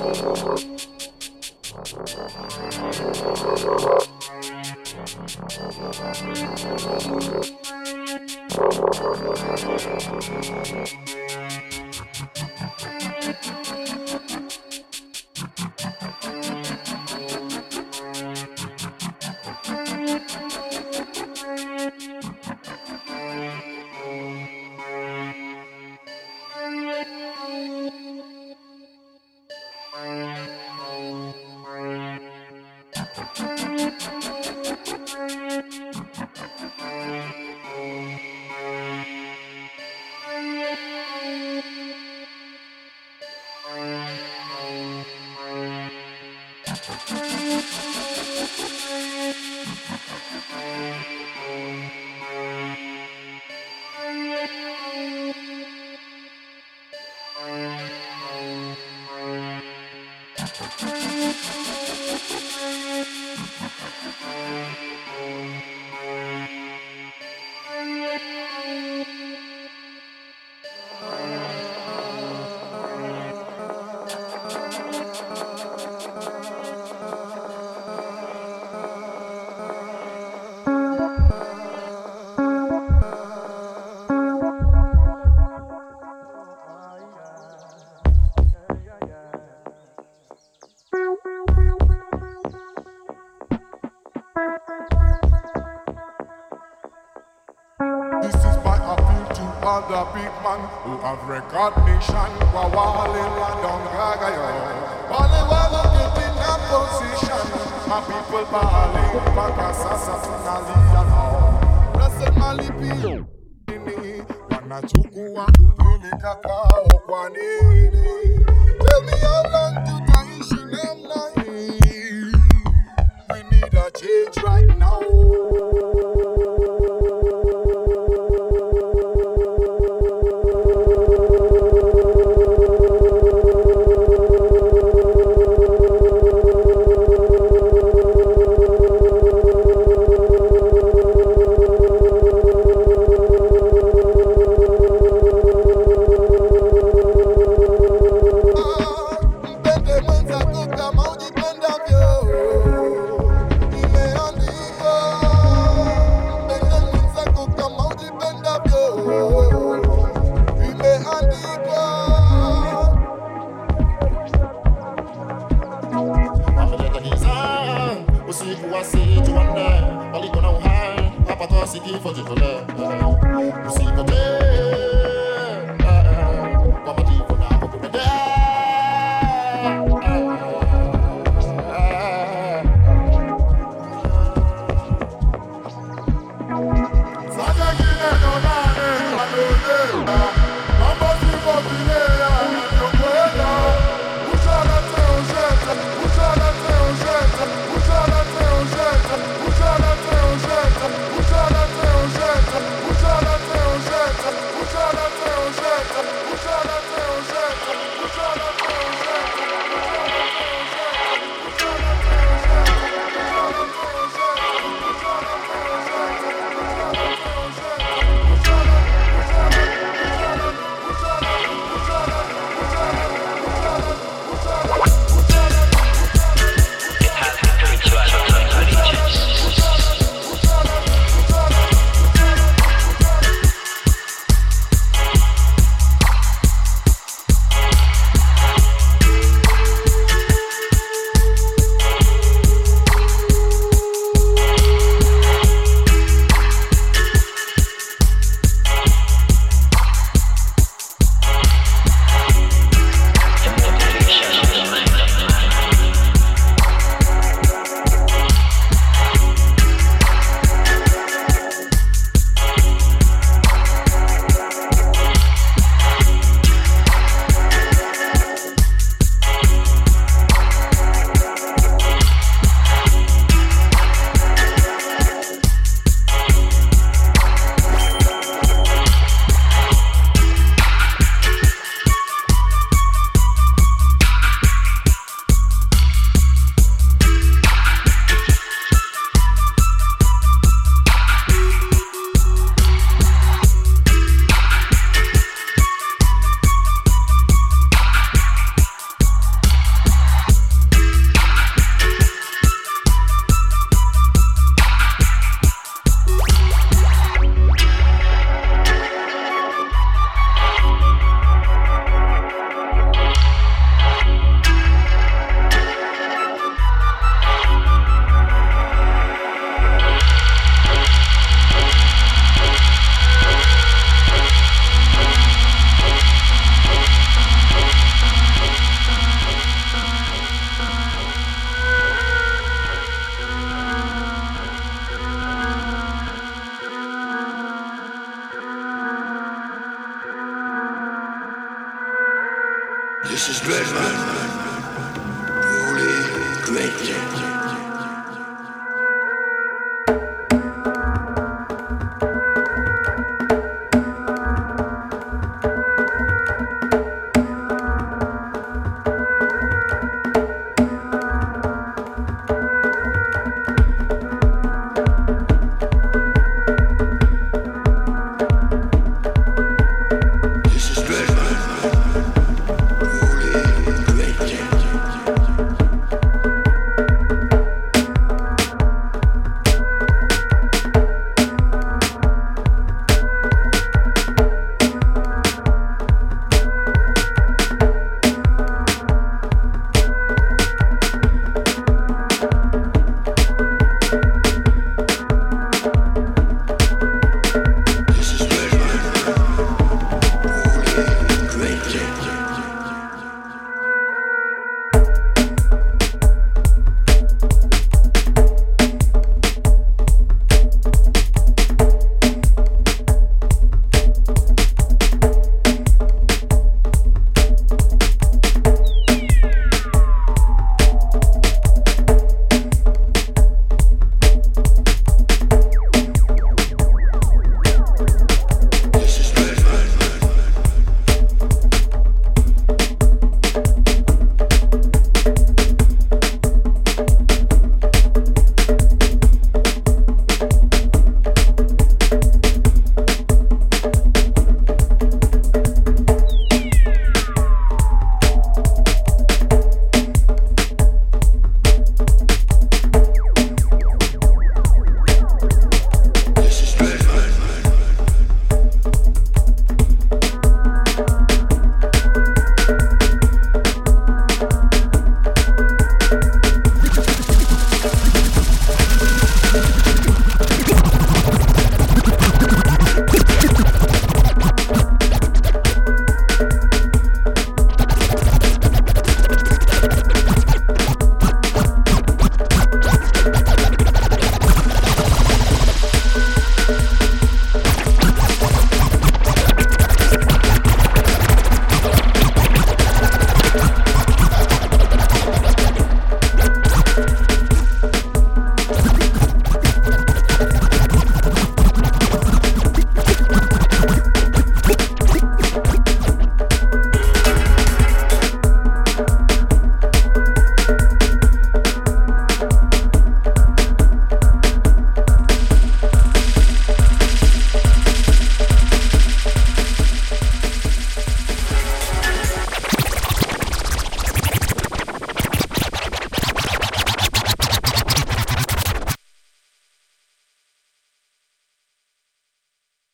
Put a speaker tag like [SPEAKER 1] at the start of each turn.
[SPEAKER 1] Oh. Thank you. Recognition, wawali la don gagayo. Wale wale get in a position. My people balling, pakasasa tunali ya now. Blessed malipio. Wanachukua kupeleka kwao kwa nini? Tell me how long tutaishi namna hii? We need a change right now.